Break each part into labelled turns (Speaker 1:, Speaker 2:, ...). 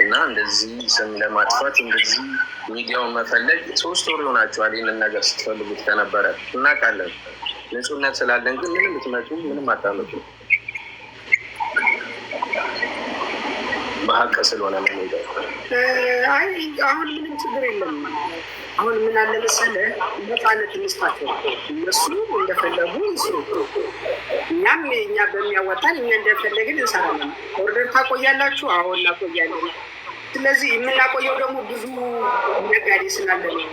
Speaker 1: እና እንደዚህ ስም ለማጥፋት እንደዚህ ሚዲያውን መፈለግ ሶስት ወር ይሆናችኋል። ይህንን ነገር ስትፈልጉት ከነበረ እናውቃለን። ንጹህነት ስላለን ግን ምንም ብትመጡ ምንም አታመጡ። በሀቅ ስለሆነ መሄደ
Speaker 2: አይ አሁን ምንም ችግር የለም። አሁን ምን አለ መሰለህ ነፃነት እንስጣቸው። እነሱ እንደፈለጉ ይስሩ፣ እኛም እኛ በሚያወጣን እኛ እንደፈለግን እንሰራለን። ኦርደር ታቆያላችሁ? አሁን እናቆያለን። ስለዚህ የምናቆየው ደግሞ ብዙ ነጋዴ ስላለ ነው።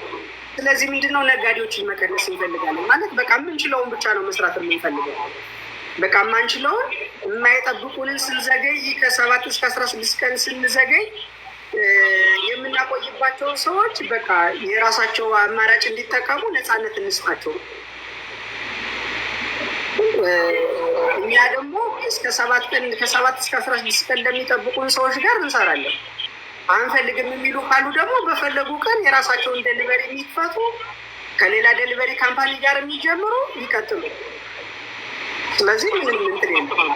Speaker 2: ስለዚህ ምንድነው ነጋዴዎችን መቀነስ እንፈልጋለን ማለት በቃ የምንችለውን ብቻ ነው መስራት የምንፈልገው። በቃ የማንችለውን የማይጠብቁንን ስንዘገይ ከሰባት እስከ አስራ ስድስት ቀን ስንዘገይ የምናቆይባቸው ሰዎች በቃ የራሳቸው አማራጭ እንዲጠቀሙ ነፃነት እንስጣቸው። እኛ ደግሞ እስከ ሰባት ቀን ከሰባት እስከ አስራ ስድስት ቀን እንደሚጠብቁን ሰዎች ጋር እንሰራለን። አንፈልግም የሚሉ ካሉ ደግሞ በፈለጉ ቀን የራሳቸውን ደሊቨሪ የሚፈቱ ከሌላ ደሊቨሪ ካምፓኒ ጋር የሚጀምሩ ይቀጥሉ። ስለዚህ ምንም እንትን የለም።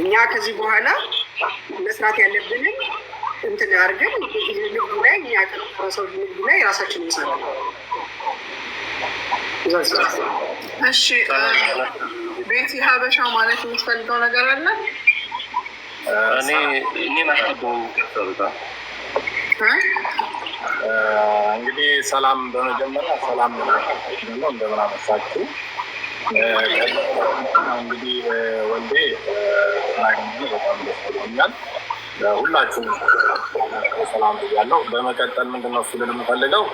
Speaker 2: እኛ ከዚህ በኋላ መስራት ያለብንን እንትን አድርገን ንግዱ ላይ እኛ ያቀር ሰው ላይ የራሳችን እንሰራለን።
Speaker 3: እሺ ቤቲ ሀበሻ ማለት የምትፈልገው ነገር አለ?
Speaker 1: እንግዲህ ሰላም፣ በመጀመሪያ ሰላም ደግሞ እንደምን አመሳችሁ። እንግዲህ ወልዴ በጣም ደስ ብሎኛል። ሁላችሁም ሰላም ብያለሁ። በመቀጠል ምንድነው ስል የምፈልገው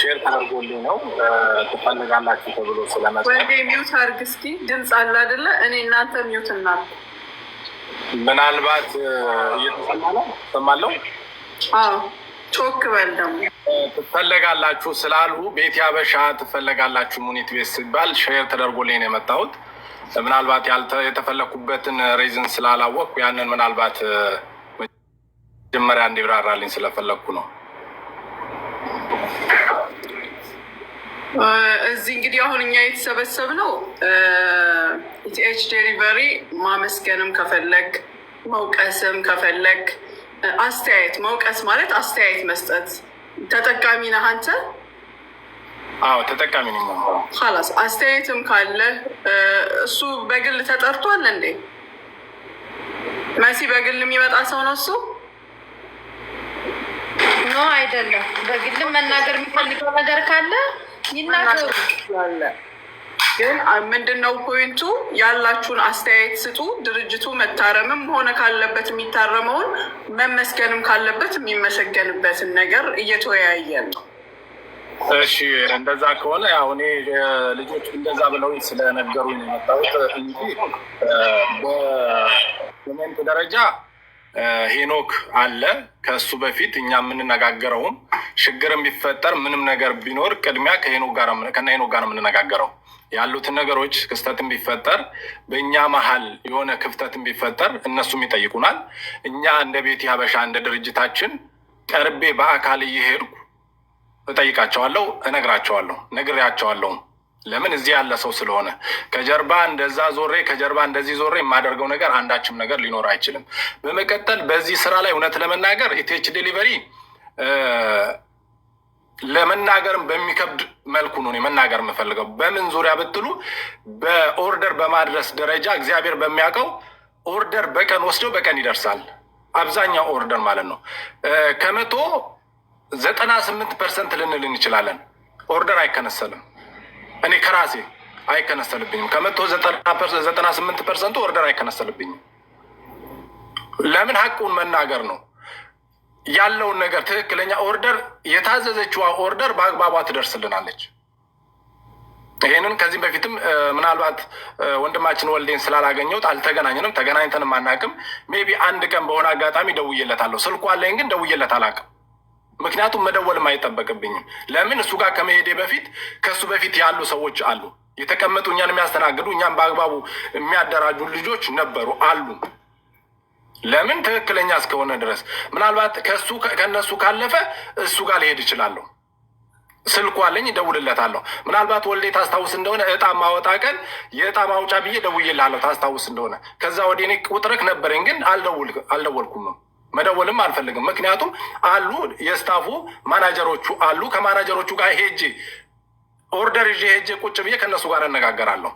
Speaker 1: ሼር ተደርጎልኝ ነው ትፈልጋላችሁ ተብሎ ስለመጣ
Speaker 3: ሚውት አድርግ እስኪ። ድምፅ አለ አይደለ? እኔ እናንተ ሚውት እና
Speaker 1: ምናልባት እየተሰማ ነው ሰማለው።
Speaker 3: ቾክ በል ደግሞ
Speaker 1: ትፈለጋላችሁ ስላልሁ ቤት ያበሻ ትፈለጋላችሁ ሙኒት ቤት ሲባል ሼር ተደርጎልኝ ነው የመጣሁት። ምናልባት የተፈለኩበትን ሬዝን ስላላወቅኩ ያንን ምናልባት መጀመሪያ እንዲብራራልኝ ስለፈለግኩ ነው።
Speaker 3: እዚህ እንግዲህ አሁን እኛ የተሰበሰብነው ኢቲኤች ዴሊቨሪ ማመስገንም ከፈለግ መውቀስም ከፈለግ አስተያየት መውቀስ ማለት አስተያየት መስጠት ተጠቃሚ ነህ አንተ
Speaker 1: አዎ ተጠቃሚ ነኝ።
Speaker 3: ላስ አስተያየትም ካለ እሱ በግል ተጠርቷል እንዴ? መሲ በግል የሚመጣ ሰው ነው እሱ?
Speaker 4: ኖ አይደለም። በግልም መናገር የሚፈልገው ነገር ካለ ይናገሩ።
Speaker 2: ግን ምንድን ነው ፖይንቱ? ያላችሁን አስተያየት ስጡ። ድርጅቱ መታረምም ሆነ ካለበት የሚታረመውን
Speaker 3: መመስገንም ካለበት የሚመሰገንበትን ነገር እየተወያየ ነው።
Speaker 1: እሺ እንደዛ ከሆነ ያው እኔ ልጆች እንደዛ ብለው ስለነገሩኝ የመጣሁት እንጂ በኮሜንት ደረጃ ሄኖክ አለ። ከእሱ በፊት እኛ የምንነጋገረውም ችግርም ቢፈጠር ምንም ነገር ቢኖር ቅድሚያ ከሄኖክ ጋር ነው የምንነጋገረው ያሉትን ነገሮች ክስተትን ቢፈጠር በእኛ መሀል የሆነ ክፍተትን ቢፈጠር እነሱም ይጠይቁናል። እኛ እንደ ቤት ያበሻ እንደ ድርጅታችን ቀርቤ በአካል እየሄድኩ እጠይቃቸዋለሁ፣ እነግራቸዋለሁ፣ ነግሬያቸዋለሁም ለምን እዚህ ያለ ሰው ስለሆነ ከጀርባ እንደዛ ዞሬ ከጀርባ እንደዚህ ዞሬ የማደርገው ነገር አንዳችም ነገር ሊኖር አይችልም። በመቀጠል በዚህ ስራ ላይ እውነት ለመናገር ኢቴች ዴሊቨሪ ለመናገርም በሚከብድ መልኩ ነው መናገር የምፈልገው። በምን ዙሪያ ብትሉ በኦርደር በማድረስ ደረጃ እግዚአብሔር በሚያውቀው ኦርደር በቀን ወስደው በቀን ይደርሳል። አብዛኛው ኦርደር ማለት ነው ከመቶ ዘጠና ስምንት ፐርሰንት ልንል እንችላለን። ኦርደር አይከነሰልም። እኔ ከራሴ አይከነሰልብኝም። ከመቶ ዘጠና ስምንት ፐርሰንቱ ኦርደር አይከነሰልብኝም። ለምን ሀቁን መናገር ነው ያለውን ነገር ትክክለኛ ኦርደር የታዘዘችዋ ኦርደር በአግባቧ ትደርስልናለች። ይህንን ከዚህም በፊትም ምናልባት ወንድማችን ወልዴን ስላላገኘሁት አልተገናኘንም፣ ተገናኝተንም አናውቅም። ሜይ ቢ አንድ ቀን በሆነ አጋጣሚ ደውዬለታለሁ። ስልኩ አለኝ፣ ግን ደውዬለት አላውቅም። ምክንያቱም መደወልም አይጠበቅብኝም። ለምን እሱ ጋር ከመሄዴ በፊት ከእሱ በፊት ያሉ ሰዎች አሉ የተቀመጡ እኛን የሚያስተናግዱ እኛን በአግባቡ የሚያደራጁ ልጆች ነበሩ አሉ። ለምን ትክክለኛ እስከሆነ ድረስ ምናልባት ከሱ ከእነሱ ካለፈ እሱ ጋር ሊሄድ ይችላለሁ። ስልኩ አለኝ፣ እደውልለታለሁ። ምናልባት ወልዴ ታስታውስ እንደሆነ እጣ ማወጣ ቀን የእጣ ማውጫ ብዬ ደውዬልሃለሁ፣ ታስታውስ እንደሆነ ከዛ ወዲህ እኔ ቁጥርክ ነበረኝ፣ ግን አልደወልኩም ነው መደወልም አልፈልግም። ምክንያቱም አሉ የስታፉ ማናጀሮቹ አሉ። ከማናጀሮቹ ጋር ሄጄ ኦርደር ይዤ ሄጄ ቁጭ ብዬ ከእነሱ ጋር እነጋገራለሁ።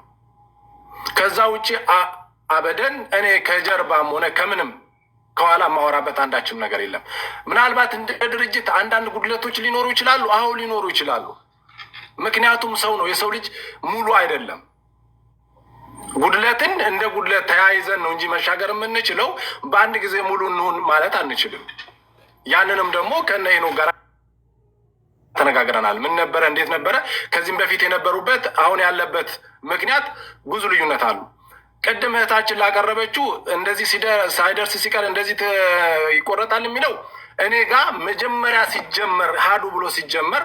Speaker 1: ከዛ ውጭ አበደን እኔ ከጀርባም ሆነ ከምንም ከኋላ ማወራበት አንዳችም ነገር የለም። ምናልባት እንደ ድርጅት አንዳንድ ጉድለቶች ሊኖሩ ይችላሉ። አዎ ሊኖሩ ይችላሉ። ምክንያቱም ሰው ነው፣ የሰው ልጅ ሙሉ አይደለም። ጉድለትን እንደ ጉድለት ተያይዘን ነው እንጂ መሻገር የምንችለው በአንድ ጊዜ ሙሉ እንሁን ማለት አንችልም። ያንንም ደግሞ ከነ ሄኖክ ጋር ተነጋግረናል። ምን ነበረ? እንዴት ነበረ? ከዚህም በፊት የነበሩበት አሁን ያለበት ምክንያት ብዙ ልዩነት አሉ። ቅድም እህታችን ላቀረበችው እንደዚህ ሳይደርስ ሲቀር እንደዚህ ይቆረጣል የሚለው እኔ ጋ መጀመሪያ ሲጀመር ሀዱ ብሎ ሲጀመር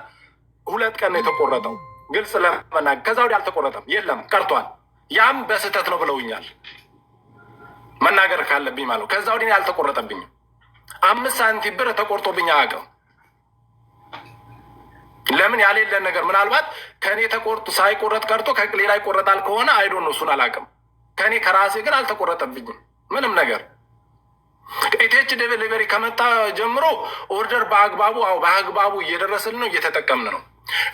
Speaker 1: ሁለት ቀን ነው የተቆረጠው። ግልጽ ለመናገር ከዛ ወዲያ አልተቆረጠም፣ የለም ቀርቷል። ያም በስህተት ነው ብለውኛል። መናገር ካለብኝ ማለት ነው። ከዛ ወዲህ አልተቆረጠብኝም። አምስት ሳንቲም ብር ተቆርጦብኝ አያውቅም። ለምን ያሌለን ነገር ምናልባት ከእኔ ተቆርጦ ሳይቆረጥ ቀርቶ ከሌላ ይቆረጣል ከሆነ አይዶ ነው፣ እሱን አላውቅም። ከእኔ ከራሴ ግን አልተቆረጠብኝም ምንም ነገር። ኢቴች ዴሊቨሪ ከመጣ ጀምሮ ኦርደር በአግባቡ አዎ፣ በአግባቡ እየደረስን ነው፣ እየተጠቀምን ነው።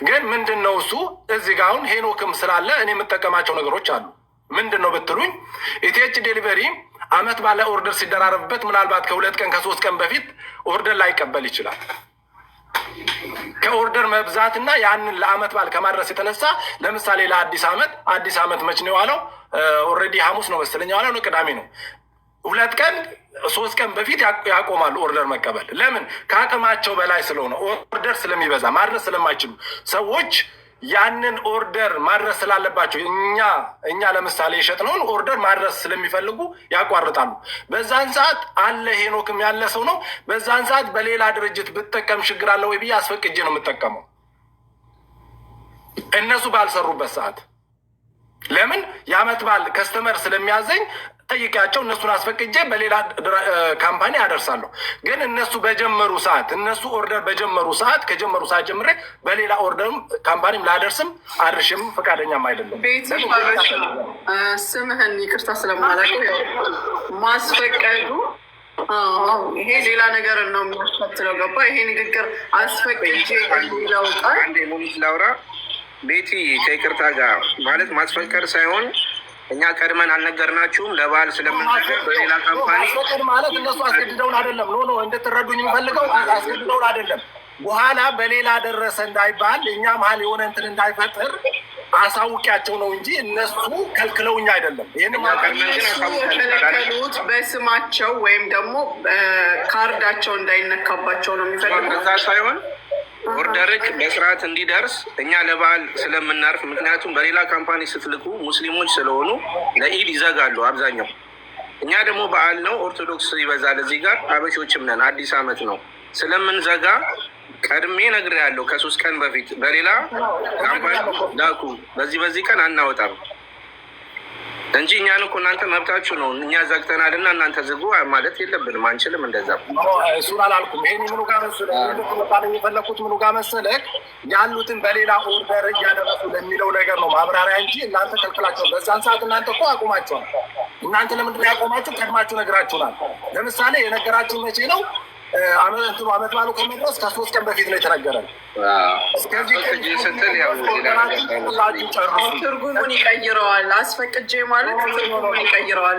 Speaker 1: ግን ምንድን ነው እሱ እዚህ ጋ አሁን ሄኖክም ስላለ እኔ የምጠቀማቸው ነገሮች አሉ። ምንድን ነው ብትሉኝ ኢቲኤች ዴሊቨሪ አመት ባለ ኦርደር ሲደራረብበት ምናልባት ከሁለት ቀን ከሶስት ቀን በፊት ኦርደር ላይቀበል ይችላል። ከኦርደር መብዛትና ያንን ለአመት በዓል ከማድረስ የተነሳ ለምሳሌ ለአዲስ አመት አዲስ አመት መች ነው የዋለው? ኦልሬዲ ሐሙስ ነው መሰለኝ የዋለው ነው ቅዳሜ ነው። ሁለት ቀን ሶስት ቀን በፊት ያቆማሉ ኦርደር መቀበል። ለምን? ከአቅማቸው በላይ ስለሆነ ኦርደር ስለሚበዛ ማድረስ ስለማይችሉ ሰዎች ያንን ኦርደር ማድረስ ስላለባቸው እኛ እኛ ለምሳሌ የሸጥነውን ኦርደር ማድረስ ስለሚፈልጉ ያቋርጣሉ። በዛን ሰዓት አለ ሄኖክም ያለ ሰው ነው። በዛን ሰዓት በሌላ ድርጅት ብጠቀም ችግር አለ ወይ ብዬ አስፈቅጄ ነው የምጠቀመው እነሱ ባልሰሩበት ሰዓት ለምን የአመት በዓል ከስተመር ስለሚያዘኝ ጠይቂያቸው እነሱን አስፈቅጄ በሌላ ካምፓኒ አደርሳለሁ። ግን እነሱ በጀመሩ ሰዓት እነሱ ኦርደር በጀመሩ ሰዓት ከጀመሩ ሰዓት ጀምሬ በሌላ ኦርደርም ካምፓኒም ላደርስም አድርሽም ፈቃደኛም አይደለም።
Speaker 3: ስምህን ይቅርታ ስለማላውቅ ማስፈቀዱ ይሄ ሌላ ነገር ነው የሚያስከትለው። ገባ ይሄ ንግግር አስፈቅጄ
Speaker 1: ሙኒት ላውራ ቤቲ ከይቅርታ ጋር ማለት ማስፈቀር ሳይሆን እኛ ቀድመን አልነገርናችሁም። ለባል ስለምንፈቅድ
Speaker 2: ካምፓኒ ማለት እነሱ አስገድደውን አይደለም። ኖ እንድትረዱኝ የምፈልገው አስገድደውን አይደለም። በኋላ በሌላ ደረሰ እንዳይባል እኛ መሀል የሆነ እንትን እንዳይፈጥር አሳውቂያቸው ነው እንጂ እነሱ ከልክለውኛ አይደለም።
Speaker 3: ይህን የከለከሉት በስማቸው ወይም ደግሞ ካርዳቸው እንዳይነካባቸው ነው
Speaker 1: የሚፈልገው ሳይሆን ኦርደርክ በስርዓት እንዲደርስ እኛ ለበዓል ስለምናርፍ፣ ምክንያቱም በሌላ ካምፓኒ ስትልኩ ሙስሊሞች ስለሆኑ ለኢድ ይዘጋሉ አብዛኛው። እኛ ደግሞ በዓል ነው፣ ኦርቶዶክስ ይበዛል እዚህ ጋር አበሾችም ነን። አዲስ አመት ነው ስለምንዘጋ ቀድሜ ያለው ከሶስት ቀን በፊት በሌላ ካምፓኒ ላኩ፣ በዚህ በዚህ ቀን አናወጣም እንጂ እኛን እኮ እናንተ መብታችሁ ነው። እኛ ዘግተናል እና እናንተ ዝጉ ማለት የለብንም አንችልም። እንደዛ እሱን አላልኩም። ይሄን ምኑ ጋር የፈለኩት ምኑ ጋር መሰለህ ያሉትን በሌላ ኦርደር እያደረሱ ለሚለው ነገር ነው ማብራሪያ እንጂ እናንተ ከልክላቸው። በዛን ሰዓት እናንተ እኮ አቁማቸዋል። እናንተ ለምንድን ነው ያቆማችሁ? ቀድማችሁ ነግራችሁናል። ለምሳሌ የነገራችሁ መቼ ነው? እንትኑ አመት ባሉ ከመድረስ ከሶስት ቀን በፊት ነው የተነገረን።
Speaker 3: ትርጉሙን ይቀይረዋል። አስፈቅጄ ማለት ትርጉሙን ይቀይረዋል።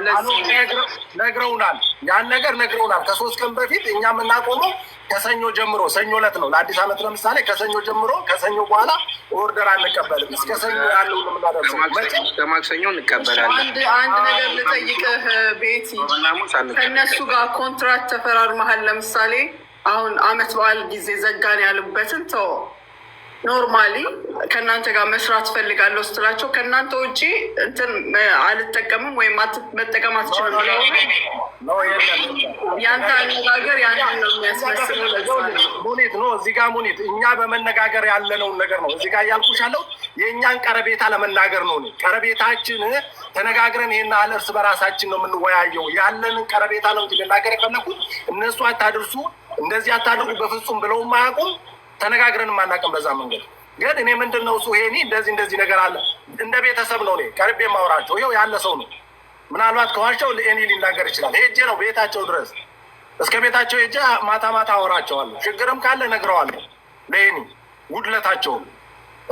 Speaker 1: ነግረውናል፣ ያን ነገር ነግረውናል። ከሶስት ቀን በፊት እኛ የምናቆመው ከሰኞ ጀምሮ፣ ሰኞ ዕለት ነው ለአዲስ ዓመት ለምሳሌ ከሰኞ ጀምሮ፣ ከሰኞ በኋላ ኦርደር አንቀበልም። እስከ ሰኞ ያለው የምናደርሰው ከማክሰኞ እንቀበላለን። አንድ ነገር ልጠይቅህ ቤቲ፣
Speaker 3: ከእነሱ ጋር ኮንትራት ተፈራርመሃል ለምሳሌ አሁን አመት በዓል ጊዜ ዘጋን ያሉበትን ተው ኖርማሊ ከእናንተ ጋር መስራት ፈልጋለሁ ስትላቸው ከእናንተ ውጭ እንትን አልጠቀምም ወይም መጠቀም አትችልም። ያንተ አነጋገር ያንን
Speaker 1: ነው የሚያስመስለው። ሙኒት ነው እዚህ ጋር ሙኒት፣ እኛ በመነጋገር ያለነውን ነገር ነው እዚህ ጋር እያልኩሽ ያለው የእኛን ቀረቤታ ለመናገር ነው። ቀረቤታችን ተነጋግረን ይሄን አለ እርስ በራሳችን ነው የምንወያየው። ያለንን ቀረቤታ ነው ልናገር የፈለኩት እነሱ አታድርሱ እንደዚህ አታድርጉ በፍጹም ብለው አያውቁም። ተነጋግረን አናውቅም። በዛ መንገድ ግን እኔ ምንድን ነው እሱ ይሄኒ እንደዚህ እንደዚህ ነገር አለ እንደ ቤተሰብ ነው እኔ ቀርቤ የማወራቸው። ይኸው ያለ ሰው ነው። ምናልባት ከዋሻው ለእኔ ሊናገር ይችላል። ሄጄ ነው ቤታቸው ድረስ እስከ ቤታቸው ሄጄ ማታ ማታ አወራቸዋለሁ። ችግርም ካለ ነግረዋለሁ። ለእኔ ጉድለታቸውን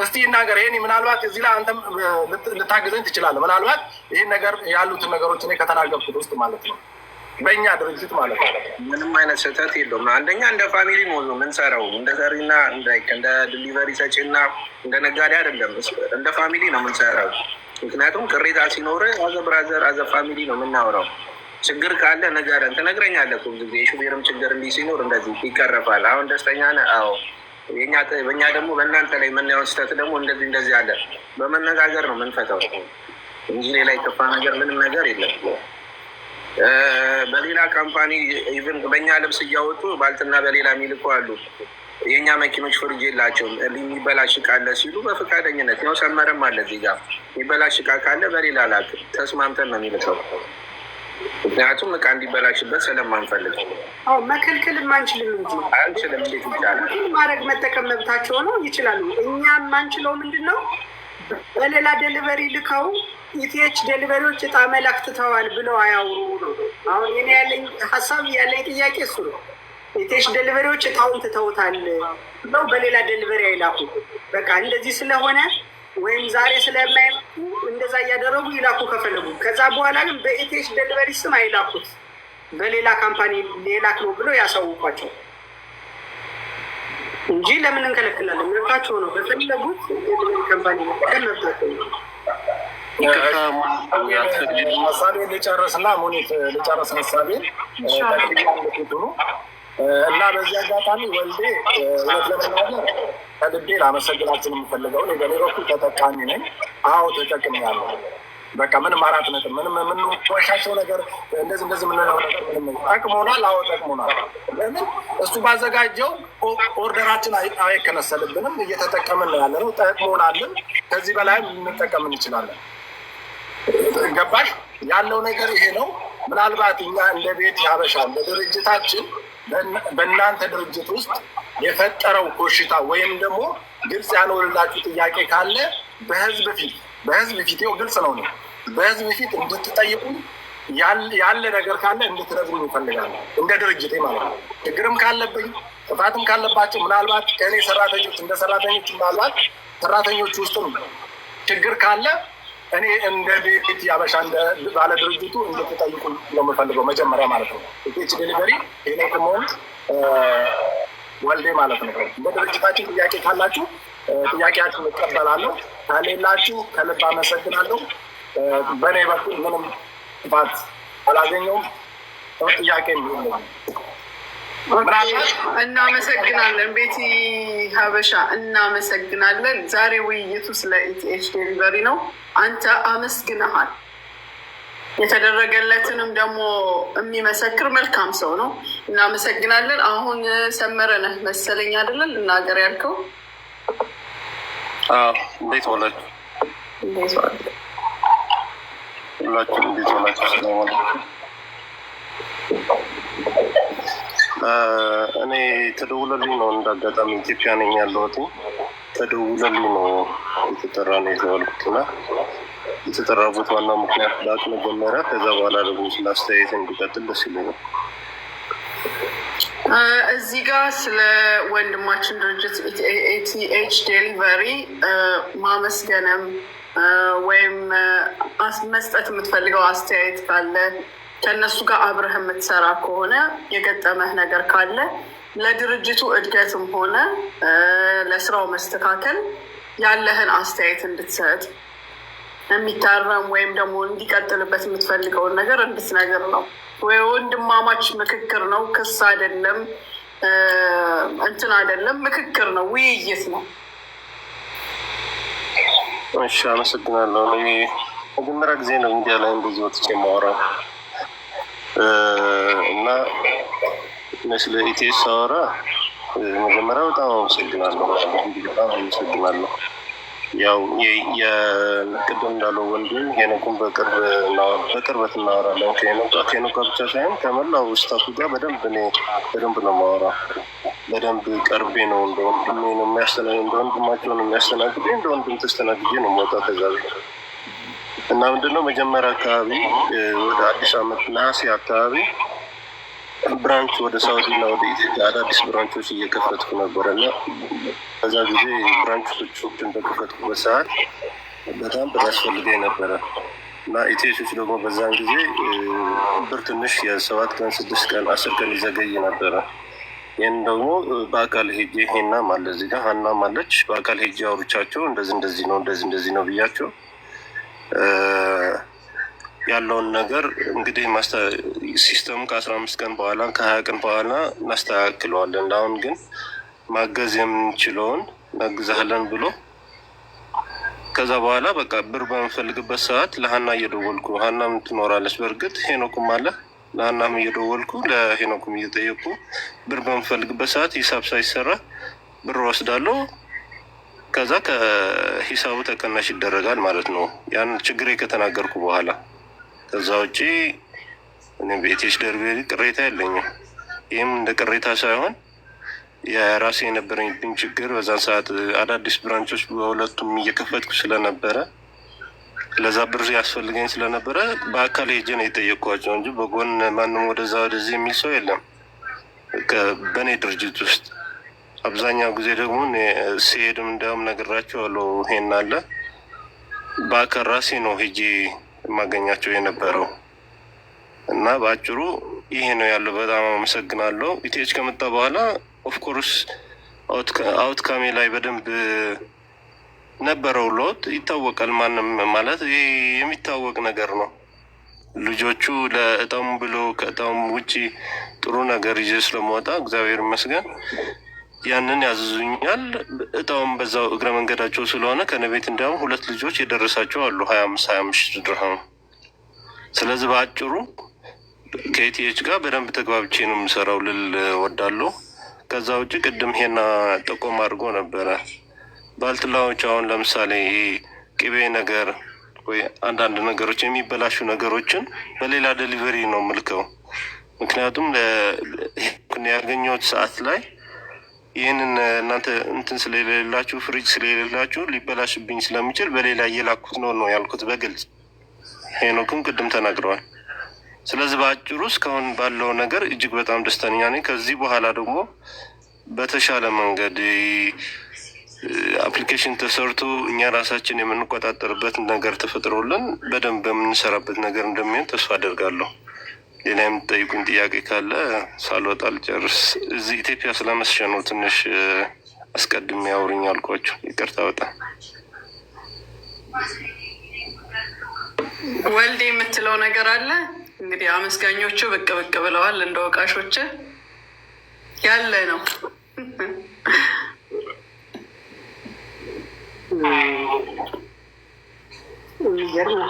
Speaker 1: እስቲ ይናገር ይሄን ምናልባት እዚህ ላይ አንተም ልታግዘኝ ትችላለህ። ምናልባት ይህን ነገር ያሉትን ነገሮች እኔ ከተናገርኩት ውስጥ ማለት ነው በእኛ ድርጅት ማለት ነው። ምንም አይነት ስህተት የለውም። አንደኛ እንደ ፋሚሊ መሆን ነው ምንሰራው እንደ ሰሪና እንደ ዲሊቨሪ ሰጪና እንደ ነጋዴ አይደለም። እንደ ፋሚሊ ነው ምንሰራው። ምክንያቱም ቅሬታ ሲኖር አዘ ብራዘር አዘ ፋሚሊ ነው የምናወራው። ችግር ካለ ንገረን፣ ትነግረኛለህ እኮ ጊዜ የሹፌርም ችግር እንዲህ ሲኖር እንደዚህ ይቀረፋል። አሁን ደስተኛ ነህ? አዎ በእኛ ደግሞ በእናንተ ላይ የምናየውን ስህተት ደግሞ እንደዚህ እንደዚህ አለ። በመነጋገር ነው የምንፈታው እንጂ ሌላ የከፋ ነገር ምንም ነገር የለም። በሌላ ካምፓኒ ኢቨን በእኛ ልብስ እያወጡ ባልትና በሌላ የሚልኩ አሉ። የእኛ መኪኖች ፍርጅ የላቸውም። የሚበላሽ እቃ አለ ሲሉ በፈቃደኝነት ያው ሰመረም አለ እዚህ ጋር የሚበላሽ እቃ ካለ በሌላ ላክ ተስማምተን ነው የሚልከው። ምክንያቱም እቃ እንዲበላሽበት ስለማንፈልግ
Speaker 2: መከልከል አንችልም እንጂ
Speaker 1: አንችልም። እንዴት ይቻላል?
Speaker 2: ማድረግ መጠቀም መብታቸው ነው፣ ይችላሉ። እኛ የማንችለው ምንድን ነው በሌላ ደሊቨሪ ልከው ኢቲኤች ደሊቨሪዎች እጣ መላክ ትተዋል ብለው አያውሩ ነው። አሁን እኔ ያለኝ ሀሳብ ያለኝ ጥያቄ እሱ ነው። ኢቲኤች ደሊቨሪዎች እጣውን ትተውታል ብለው በሌላ ደሊቨሪ አይላኩ። በቃ እንደዚህ ስለሆነ ወይም ዛሬ ስለማይመጡ እንደዛ እያደረጉ ይላኩ ከፈለጉ። ከዛ በኋላ ግን በኢቲኤች ደሊቨሪ ስም አይላኩት፣ በሌላ ካምፓኒ ሌላክ ነው ብሎ ያሳውቋቸው እንጂ ለምን እንከለክላለን? መብታቸው ነው። በፈለጉት ካምፓኒ መብታቸው ነው።
Speaker 1: ሀሳቤ ልጨርስና ሙኒት ልጨርስ ሀሳቤ እና በዚህ አጋጣሚ ወልዴ እውነት ለመናገር ከልቤ ላመሰግናችን የምፈልገው በኔ በኩል ተጠቃሚ ነኝ። አዎ ተጠቅሜያለሁ። በቃ ምንም አራት ነጥብ ምንም የምንወሻቸው ነገር እንደዚህ እንደዚህ የምንለው ጠቅሞናል። አዎ ጠቅሞናል። ለምን እሱ ባዘጋጀው ኦርደራችን አይከነሰልብንም። እየተጠቀምን ያለ ነው። ጠቅሞናልን። ከዚህ በላይም ልንጠቀምን እንችላለን። ገባሽ? ያለው ነገር ይሄ ነው። ምናልባት እኛ እንደ ቤት ያበሻ እንደ ድርጅታችን በእናንተ ድርጅት ውስጥ የፈጠረው ኮሽታ ወይም ደግሞ ግልጽ ያኖርላችሁ ጥያቄ ካለ በህዝብ ፊት በህዝብ ፊት ይኸው ግልጽ ነው ነው በህዝብ ፊት እንድትጠይቁ ያለ ነገር ካለ እንድትነግሩኝ ይፈልጋል። እንደ ድርጅት ማለት ነው። ችግርም ካለብኝ ጥፋትም ካለባቸው ምናልባት ከእኔ ሰራተኞች እንደ ሰራተኞች ምናልባት ሰራተኞች ውስጥም ችግር ካለ እኔ እንደ ቤት ያበሻ ባለ ድርጅቱ እንድትጠይቁ ነው የምፈልገው፣ መጀመሪያ ማለት ነው። ቤች ዴሊቨሪ ሄለክሞን ወልዴ ማለት ነው። እንደ ድርጅታችን ጥያቄ ካላችሁ ጥያቄያችሁ እቀበላለሁ፣ ከሌላችሁ ከልብ አመሰግናለሁ። በእኔ በኩል ምንም ባት አላገኘውም። ጥያቄ የሚሆነ
Speaker 3: እናመሰግናለን። ቤቲ ሀበሻ እናመሰግናለን። ዛሬ ውይይቱ ስለ ኢቲኤች ዴሊቨሪ ነው። አንተ አመስግነሃል። የተደረገለትንም ደግሞ የሚመሰክር መልካም ሰው ነው። እናመሰግናለን። አሁን ሰመረ ነህ መሰለኝ አይደለም ልናገር ያልከው እንዴት ወላች ሁላችሁ
Speaker 1: እንዴት ወላችሁ እኔ ተደውለልኝ ነው እንዳጋጣሚ ኢትዮጵያ ነኝ ያለሁት። ተደውለልኝ ነው የተጠራ ነው የተባልኩት እና የተጠራበት ዋና ምክንያት ላቅ መጀመሪያ፣ ከዛ በኋላ ደግሞ ስለ አስተያየት እንዲቀጥል ደስ ይለኛል።
Speaker 3: እዚህ ጋር ስለ ወንድማችን ድርጅት ኤቲኤች ዴሊቨሪ ማመስገንም ወይም መስጠት የምትፈልገው አስተያየት ካለ ከእነሱ ጋር አብረህ የምትሰራ ከሆነ የገጠመህ ነገር ካለ ለድርጅቱ እድገትም ሆነ ለስራው መስተካከል ያለህን አስተያየት እንድትሰጥ የሚታረም ወይም ደግሞ እንዲቀጥልበት የምትፈልገውን ነገር እንድትነግር ነው። ወንድማማች ምክክር ነው። ክስ አይደለም፣ እንትን አይደለም። ምክክር ነው፣ ውይይት ነው።
Speaker 1: እሺ፣ አመሰግናለሁ። መጀመሪያ ጊዜ ነው እንዲያ ላይ እንደዚህ ወጥቼ የማወራው። እና ስለ ኢቴስ አወራ መጀመሪያ በጣም አመሰግናለሁ። እንግዲህ በጣም አመሰግናለሁ። ያው የቅድም እንዳለው ወንድም ሄኖኩን በቅርበት እናወራለን። ከሄኖክ ብቻ ሳይሆን ከመላው ስታፉ ጋር በደንብ እኔ በደንብ ነው ማወራ በደንብ ቀርቤ ነው እንደ ወንድሜ ነው የሚያስተናግድ እንደ ወንድማቸው ነው የሚያስተናግድ እንደ ወንድም ተስተናግጄ ነው መውጣት ከዛ እና ምንድነው መጀመሪያ አካባቢ ወደ አዲስ ዓመት ነሐሴ አካባቢ ብራንች ወደ ሳውዲ እና ወደ ኢትዮጵያ አዳዲስ ብራንቾች እየከፈትኩ ነበረ እና በዛ ጊዜ ብራንቾችን በከፈትኩበት ሰዓት በጣም ብር ያስፈልገኝ ነበረ እና ኢትዮሾች ደግሞ በዛን ጊዜ ብር ትንሽ የሰባት ቀን ስድስት ቀን አስር ቀን ይዘገይ ነበረ። ይህን ደግሞ በአካል ሄጄ ሄና አለ እዚህ ጋር ሀና አለች በአካል ሄጄ አውርቻቸው እንደዚህ እንደዚህ ነው እንደዚህ እንደዚህ ነው ብያቸው ያለውን ነገር እንግዲህ ሲስተሙ ከአስራ አምስት ቀን በኋላ ከሀያ ቀን በኋላ እናስተካክለዋለን። አሁን ግን ማገዝ የምንችለውን እናግዛለን ብሎ ከዛ በኋላ በቃ ብር በምፈልግበት ሰዓት ለሀና እየደወልኩ ሀናም ትኖራለች። በእርግጥ ሄኖኩም አለ። ለሀናም እየደወልኩ ለሄኖኩም እየጠየቁ ብር በምፈልግበት ሰዓት ሂሳብ ሳይሰራ ብር ወስዳለሁ። ከዛ ከሂሳቡ ተቀናሽ ይደረጋል ማለት ነው። ያን ችግሬ ከተናገርኩ በኋላ ከዛ ውጭ ቤቴች ደርቤ ቅሬታ የለኝም። ይህም እንደ ቅሬታ ሳይሆን የራሴ የነበረኝብኝ ችግር በዛን ሰዓት አዳዲስ ብራንቾች በሁለቱም እየከፈትኩ ስለነበረ ለዛ ብር ያስፈልገኝ ስለነበረ በአካል ሄጄ ነው የጠየቅኳቸው እንጂ በጎን ማንም ወደዛ ወደዚህ የሚል ሰው የለም በእኔ ድርጅት ውስጥ አብዛኛው ጊዜ ደግሞ ሲሄድም እንዲያውም ነግራቸዋለሁ ይሄን አለ በአከራሲ ነው ሂጂ የማገኛቸው የነበረው እና በአጭሩ ይሄ ነው ያለው። በጣም አመሰግናለሁ። ኢቲኤች ከመጣ በኋላ ኦፍኮርስ አውትካሜ ላይ በደንብ ነበረው ለውጥ ይታወቃል። ማንም ማለት ይሄ የሚታወቅ ነገር ነው። ልጆቹ ለእጣሙ ብሎ ከእጣሙ ውጭ ጥሩ ነገር ይዤ ስለመወጣ እግዚአብሔር ይመስገን። ያንን ያዝዙኛል። እጣውም በዛው እግረ መንገዳቸው ስለሆነ ከነቤት እንዲያውም ሁለት ልጆች የደረሳቸው አሉ ሀያ አምስት ሀያ አምስት ድርሃም። ስለዚህ በአጭሩ ከኤቲኤች ጋር በደንብ ተግባብቼ ነው የምሰራው ልል ወዳለሁ። ከዛ ውጭ ቅድም ሄና ጠቆም አድርጎ ነበረ ባልትላዎች አሁን ለምሳሌ ቅቤ ነገር ወይ አንዳንድ ነገሮች የሚበላሹ ነገሮችን በሌላ ደሊቨሪ ነው ምልከው ምክንያቱም ያገኘሁት ሰዓት ላይ ይህንን እናንተ እንትን ስለሌላችሁ ፍሪጅ ስለሌላችሁ ሊበላሽብኝ ስለሚችል በሌላ እየላኩት ነው ነው ያልኩት በግልጽ ሄኖክም ቅድም ተናግረዋል። ስለዚህ በአጭሩ እስካሁን ባለው ነገር እጅግ በጣም ደስተኛ ነኝ። ከዚህ በኋላ ደግሞ በተሻለ መንገድ አፕሊኬሽን ተሰርቶ እኛ ራሳችን የምንቆጣጠርበት ነገር ተፈጥሮልን በደንብ በምንሰራበት ነገር እንደሚሆን ተስፋ አደርጋለሁ። ሌላ የምትጠይቁኝ ጥያቄ ካለ ሳልወጣ አልጨርስ። እዚህ ኢትዮጵያ ስለመስሸ ነው ትንሽ አስቀድሜ አውሪኝ አልኳቸው። ይቅርታ በጣም
Speaker 3: ወልድ የምትለው ነገር አለ። እንግዲህ አመስጋኞቹ ብቅ ብቅ ብለዋል። እንደ ወቃሾች ያለ ነው። የሚገርም ነው።